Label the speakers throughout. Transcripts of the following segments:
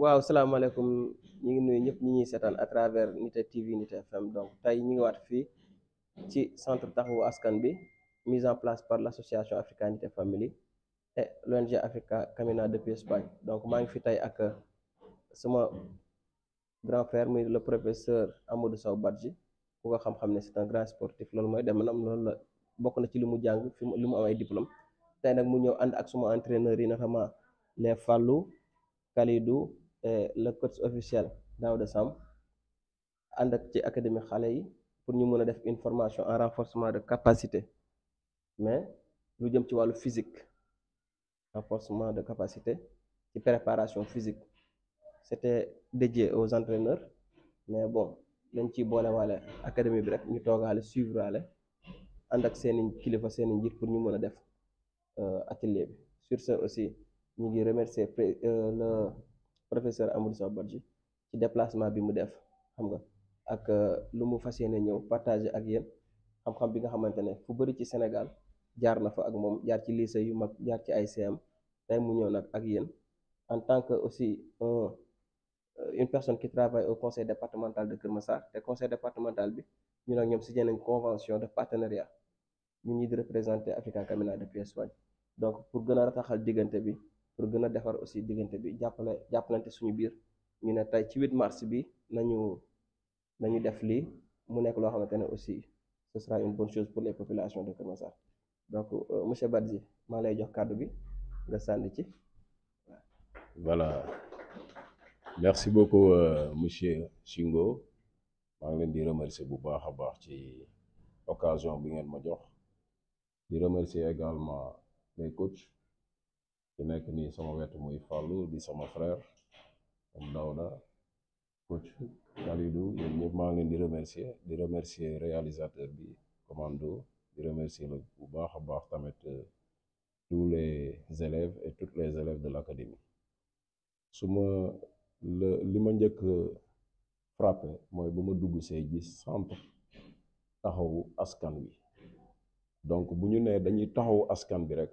Speaker 1: waaw salaamaaleykum ñu ngi nuyu ñëpp ñi ñuy seetaan à travers Nite TV Nite FM donc tey ñu ngi waat fii ci centre taxu askan bi mise en place par l'association Africa Nite Family et l'ONG Africa Camina depuis Espagne donc maa ngi fii tey ak sama grand frère muy le professeur Amadou Sow Badji ku nga xam-xam ne c'est un grand sportif loolu mooy dem na loolu la bokk na ci li mu jàng fi mu li mu am ay diplôme tey nag mu ñëw ànd ak suma entraîneurs yi notamment les Fallou Kalidou Eh, le coach officiel Daouda Sam and ak ci académie xalé pour nous mëna def une formation en renforcement de capacité mais lu jëm ci walu physique renforcement de capacité et préparation physique c'était dédié aux entraîneurs mais bon dañ ci l'Académie walé académie bi rek ñu suivre walé and ak seeni kilifa seeni njir pour ñu mëna def euh atelier sur ce aussi nous ngi remercier euh, le professeur Amadou Sow Badji ci déplacement bi mu def xam nga ak euh, lu mu fassiyene ñew partager ak yeen xam-xam bi nga xamantene fu bari ci Sénégal jaar na fa ak mom jaar ci lycée yu mag jaar ci icm tay mu ñew nak ak yeen en tant que aussi un euh, une personne qui travaille au conseil départemental de Keur le conseil départemental bi ñu nak ñom signé une convention de partenariat ñu ñi di représenter Africa Camina ps1 donc pour gëna a rataxal diggante bi pour gëna défar aussi digënté bi jàppale jàppalante suñu biir ñu né tay ci 8 mars bi nañu nañu def li mu nekk lo xamante aussi ce sera une bonne chose pour les populations de Keur Massar donc euh, monsieur Badji ma lay jox cadeau bi nga sand ci.
Speaker 2: voilà merci beaucoup euh, monsieur Shingo ma ngi leen di remercier bu baax a baax ci occasion bi ngeen ma jox di remercier également les coachs. ki nekk nii sama wet muy Fallou di sama frère am Daouda coach Khalidou yéen ñëpp maa ngi leen di remercier di remercier réalisateur bi commando di remercier la bu baax a baax tamit euh, tous les élèves et toutes les élèves de l'académie su ma la li ma njëkk euh, frappé mooy ba ma dugg see gis centre taxawu askan wi donc bu ñu nee dañuy taxawu askan bi rek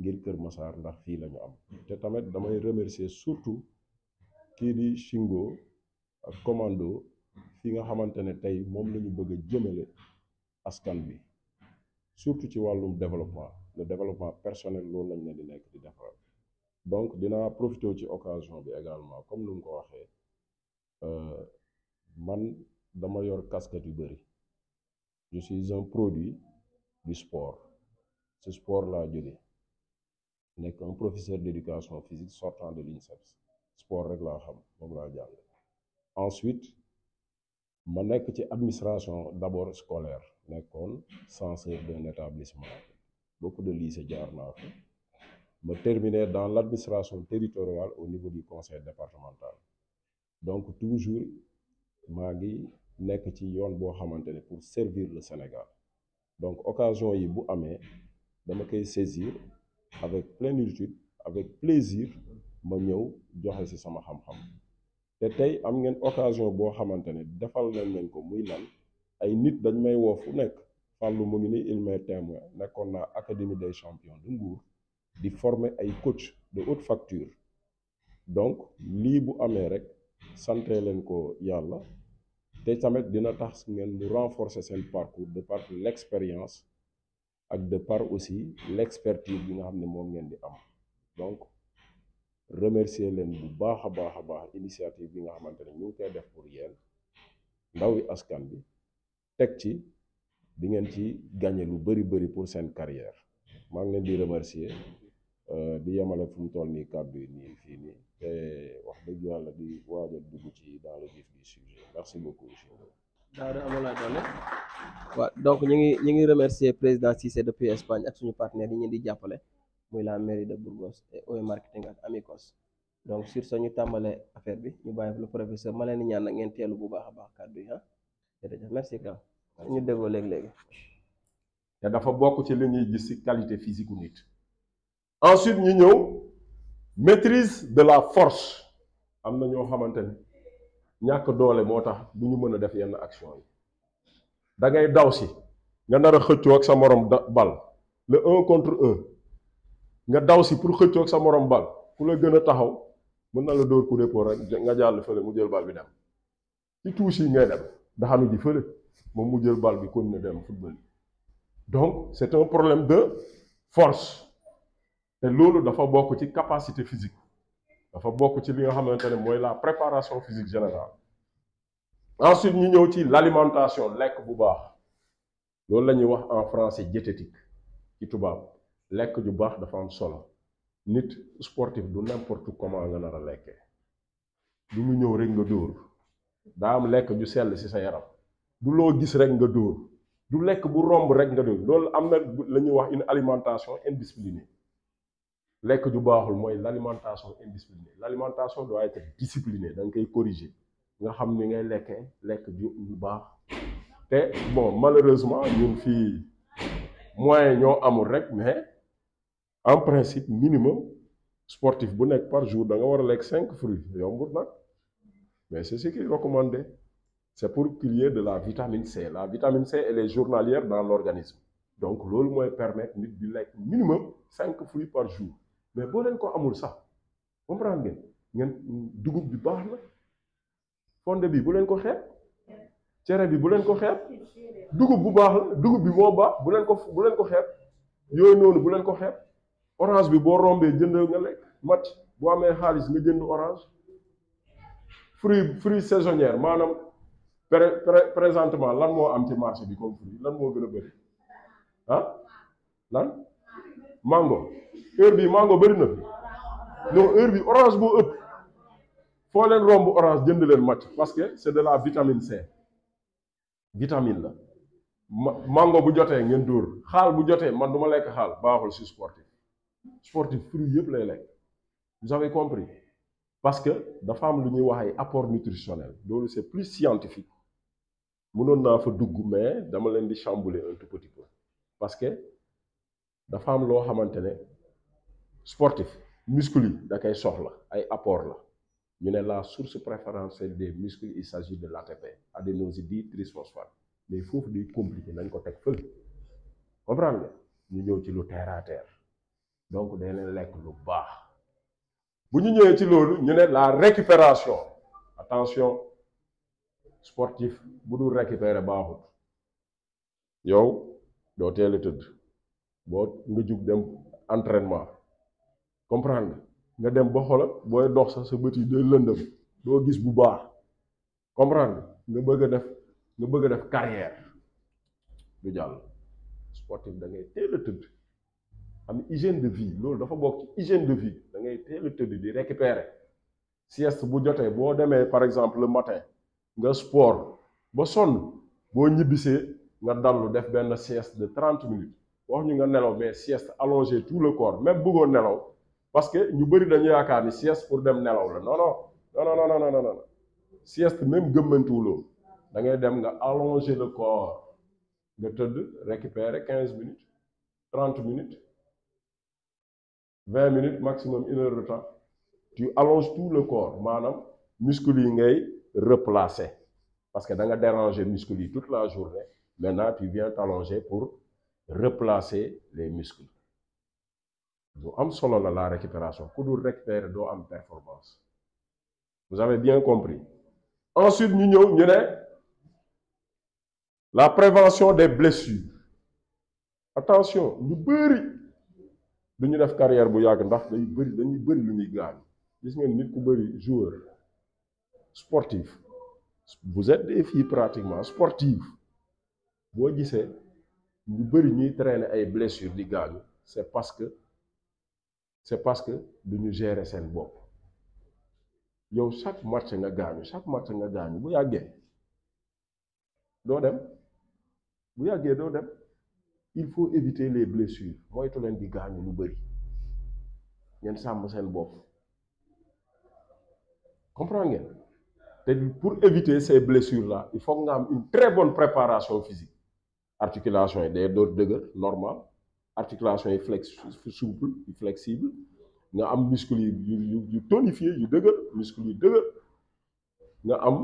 Speaker 2: ngir Kër Massar ndax fii lañu am hmm. te tamit damay remercier surtout kii di Shingo ak commando fii nga xamante ne tey moom la ñu bëgg a jëmale askan bi surtout ci wàllum développement le développement personnel loolu lañ ne di nekk di defar donc dinaa profité ci occasion bi également comme ni mu ko waxee euh, man dama yor casquette yu bëri je suis un produit du sport ce sport laa jóge suis un professeur d'éducation physique sortant de l'INSEP, sport rek ensuite ma suis ci administration d'abord scolaire nekkoon censeur d'un établissement beaucoup de lycées jaar naa terminer dans l'administration territoriale au niveau du conseil départemental donc toujours ma ngi nek ci yoon pour servir le Sénégal donc occasion yi bu amé dama saisir avec plénitude avec plaisir ma ñëw joxe ci sama xam-xam am ngeen occasion boo xamante ne defal vous ko muy gens ay nit may il des champions de Ngour, former ay coach de haute facture donc Li bu a rek santé leen ko là Et renforcer ce parcours de par l'expérience ak de par aussi l'expertise bi nga xam mom ngeen di am donc remercier len bu baax a baax initiative bi nga xamantene ñu ngi koy def pour ndaw yi askan bi tek ci di ngeen ci gagner lu bari bari pour sen carrière ma ngi len di remercier euh, di yemale fu mu toll nii kàddu yi nii fii nii te wax dëgg yalla di waajal dugg ci dans le vif du sujet merci beaucoup monsieur Daara amala
Speaker 1: doole wa donc ñi ngi ñi ngi remercier président Cissé depuis Espagne ak suñu partenaire yi ñi di jappalé muy la mairie de Burgos et OE marketing ak Amicos donc sur ce ñu tambalé affaire bi ñu bàyyi le professeur malen ñaan nak ngeen télu bu baaxa baax kaddu yi ah jërëjëf merci
Speaker 2: grand ñu déggoo lég lég te dafa bokku ci li ñuy gis ci qualité physique nit ensuite ñu ñëw maîtrise de la force amna ño xamanteni ñak doole motax duñu mëna def yenn action yi da ngay daw si nga nar a xëccoo ak bal le un contre un nga daw pour bal la de nga jàll fële mu jël bal bi dem ci yi ngay dem daxanu di bal donc c'est un problème de force Et loolu dafa bokk capacité physique dafa bokk ci li la préparation physique générale ensuite ñu ñëw ci l'alimentation le bu baax loolu wax en français diététique ci tubaab lekk ju baax dafa am solo nit sportif du n'importe comment nga avons a lekkee du lu ñëw rek nga dóor du am c'est ju sell ci sa yaram du loo gis rek nga du lekk bu romb rek nga loolu une alimentation indisciplinée lekk ju baaxul l'alimentation indisciplinée l'alimentation doit être disciplinée donc nga corriger nga xam ni ngay lekke lekk ju bu baax te bon malheureusement ñun fii moyen ñoo amul rek mais en principe minimum sportif bu nekk par jour da nga war a lekk cinq fruits yombut nag mais c'est ce qui est recommandé c'est pour qu'il y ait de la vitamine C la vitamine C elle est journalière dans l'organisme donc loolu mooy permettre nit di lekk minimum cinq fruits par jour mais boo leen ko amul sax comprendre ngeen ngeen dugub bi baax na fonde bi bu leen ko xeeb cere bi bu leen ko xeeb dugub bu baax dugub bi moo baax bu leen ko bu leen ko xeeb yooyu noonu bu leen ko xeeb orange bi boo rombee jënd nga lekk mat boo amee xaalis nga jënd orange fruit fruit saisonnière maanaam présentement lan moo am ci marché bi comme fruit lan moo gën a bëri ah lan mango heure bi mango bëri na non heure bi orange boo ëpp Faut leen romb orange jënd leen match parce que c'est de la vitamine C vitamine la mango bu jotee ngeen dóor xaal bu jotee man du ma lekk xaal baaxul si sportif sportif fruit yëpp lay lekk vous avez compris parce que dafa am lu ñuy wax ay apport nutritionnel loolu c'est plus scientifique mënoon naa fa dugg mais dama leen di chambouler un tout petit peu parce que dafa am loo xamante ne sportif muscle yi da koy soxla ay apport la nous la source préférentielle des muscles il s'agit de l'ATP adénosine triphosphate mais faut di compliqué nañ ko fait feu. comprendre nga ñu ñëw ci lu terre à terre donc nous avons le lu baax bu ñu Nous ci la récupération attention sportif vous dul récupérer le yow Yo, teel a tëdd boo nga jug dem entraînement comprendre nga dem ba xoolal booy dox sax sa bët yi day lëndëm doo gis bu baax comprendre nga bëgg a def nga bëgg a def carrière du jàll sportif da ngay teel a tëdd am hygiène de vie loolu dafa bokk ci hygiène de vie da ngay teel a tëdd di récupérer sieste bu jotee boo demee par exemple le matin nga sport ba sonn boo ñibbisee nga dallu def benn sieste de 30 minutes wax ñu nga nelaw mais sieste allongé tout le corps même bëggoo nelaw parce que nous bari dañu yaakaar ni sieste pour dem nelaw la non non non non non non non sieste même gëmmantuwuloo da ngay dem nga allonger le corps nga teud récupérer 15 minutes 30 minutes 20 minutes maximum une heure de temps tu allonges tout le corps manam muscle yi ngay replacer parce que da nga déranger muscles yi toute la journée maintenant tu viens t'allonger pour replacer les muscles Do am solo la récupération ku dul récupérer doo am performance vous avez bien compris ensuite ñu avons la prévention des blessures attention nous bëri du def carrière bu nous ndax day bëri dañuy nous lu ñuy gaañ joueur sportif vous êtes des filles pratiquement sportives Vous gisee nous avons ñuy traîner ay blessures di gaañu c'est parce que c'est parce que de nous gérer seen bopp yow chaque match nga gagne, chaque match nga gagne, bu yàggee Do dem bu yàggee dem il faut éviter les blessures to len di Il lu bari Ñen sam c'est un comprendre ngeen pour éviter ces blessures là il faut une très bonne préparation physique articulation est day door degrés, normal articulation est souple flexible nga am muscle yu tonifier, yu tonifié yu dëgër muscle yu dëgër nga am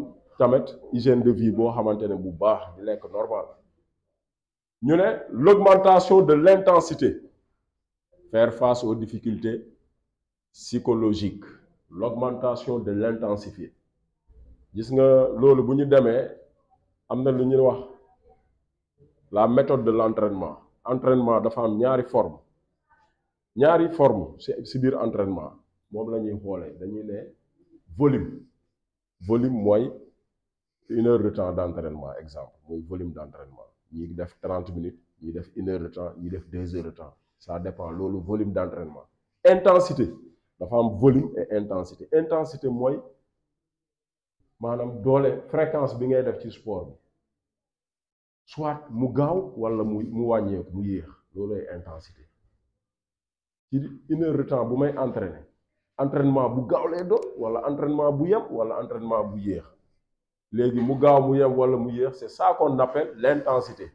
Speaker 2: hygiène de vie qui est normale. bu normal l'augmentation de l'intensité faire face aux difficultés psychologiques l'augmentation de l'intensité gis nga nous la méthode de l'entraînement entraînement dafa am ñaari forme ñaari forme c'est biir entraînement mom lañuy xolé dañuy né volume volume moyen, une heure de temps d'entraînement, exemple moy volume d'entraînement. Il ñi def 30 minutes ñi def une heure de temps ñi def deux heures de temps ça dépend lolu volume d'entraînement. intensité dafa am volume et intensité intensité moy manam fréquence bi ngay def ci sport soit mu gaaw wala mu mu wàññeeku mu yéex loolooy intensité ci une heure de temps bu may entraîné entraînement bu gaaw lay doon wala entraînement bu yem wala entraînement bu yéex léegi mu gaaw mu yem wala mu yéex c'est ça qu'on appelle l'intensité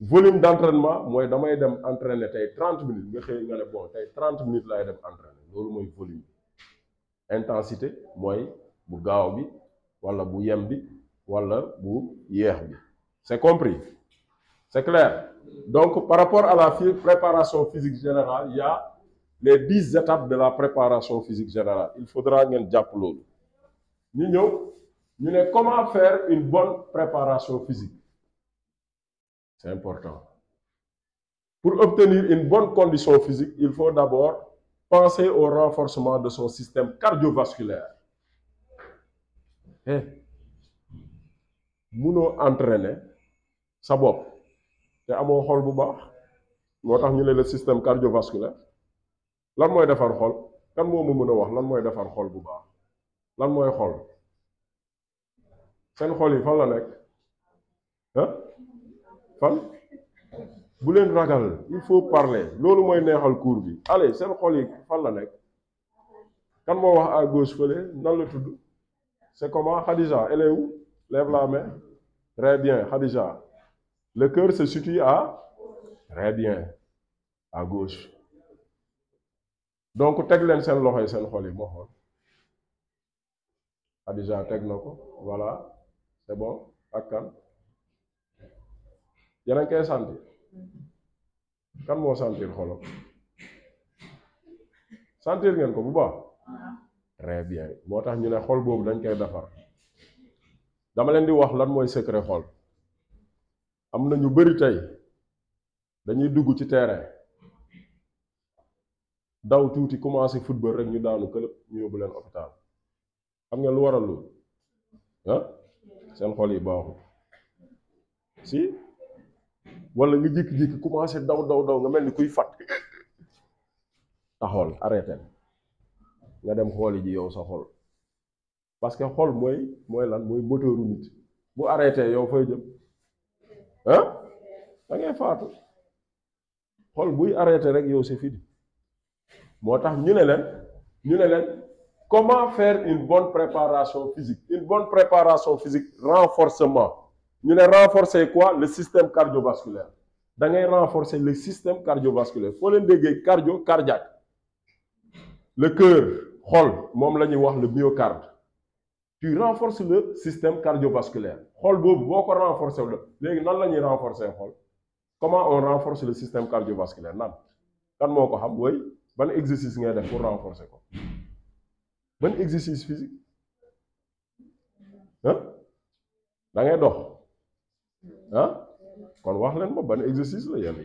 Speaker 2: volume d'entraînement mooy damay dem entraîner tey 30 minutes nga xëy nga ne bon tey 30 minutes laay dem entraîner loolu mooy volume intensité mooy bu gaaw bi wala bu yem bi wala bu yéex bi c'est compris C'est clair Donc, par rapport à la préparation physique générale, il y a les 10 étapes de la préparation physique générale. Il faudra que vous Nous, nous, comment faire une bonne préparation physique C'est important. Pour obtenir une bonne condition physique, il faut d'abord penser au renforcement de son système cardiovasculaire. Hey. Nous, nous sa bopp te amoo xol bu baax moo tax ñu ne la système cardiovasculaire lan mooy defar xol kan moo ma mën a wax lan mooy defar xol bu baax lan mooy xol seen xol yi fan la nekk ah fan bu leen ragal il faut parler loolu mooy neexal cours bi allez seen xol yi fan la nekk kan moo wax à gauche fële nan la tudd c'est comment Khadija élève lève la main très bien Khadija Le cœur se situe à Très bien. À gauche. donc sen loxo xol yi tu xol. Adija voilà c'est bon ak kan a ngi kan sentir sentir ko bu très bien tu ñu ne xol bobu dañ koy defar dama leen di wax lan moy secret am na ñu bëri tey dañuy dugg ci terrain daw tuuti commencé football rek ñu daanu këlëb ñu yóbbu leen hôpital xam nga lu waral lu ah seen xol yi baaxul si walla nga jékki-jékki commencé daw daw daw nga mel ni kuy fat taxool arrêté nga dem xooli ji yow sa xol parce que xol mooy mooy lan mooy moteuru nit bu arrêté yow fay jëm. comment faire une bonne préparation physique une bonne préparation physique renforcement Nous ne renforcer quoi le système cardiovasculaire da renforcer le système cardiovasculaire foo leen déggee cardio cardiaque le cœur xol le myocarde tu renforces le système cardiovasculaire xol bobu boko renforcer le. la nan lañuy renforcer xol comment on renforce le système cardiovasculaire nan kan moko xam mooy ban exercice ngay def pour renforcer ko ban exercice physique Hein? da ngay dox Hein? kon wax len mo ban exercice la yenn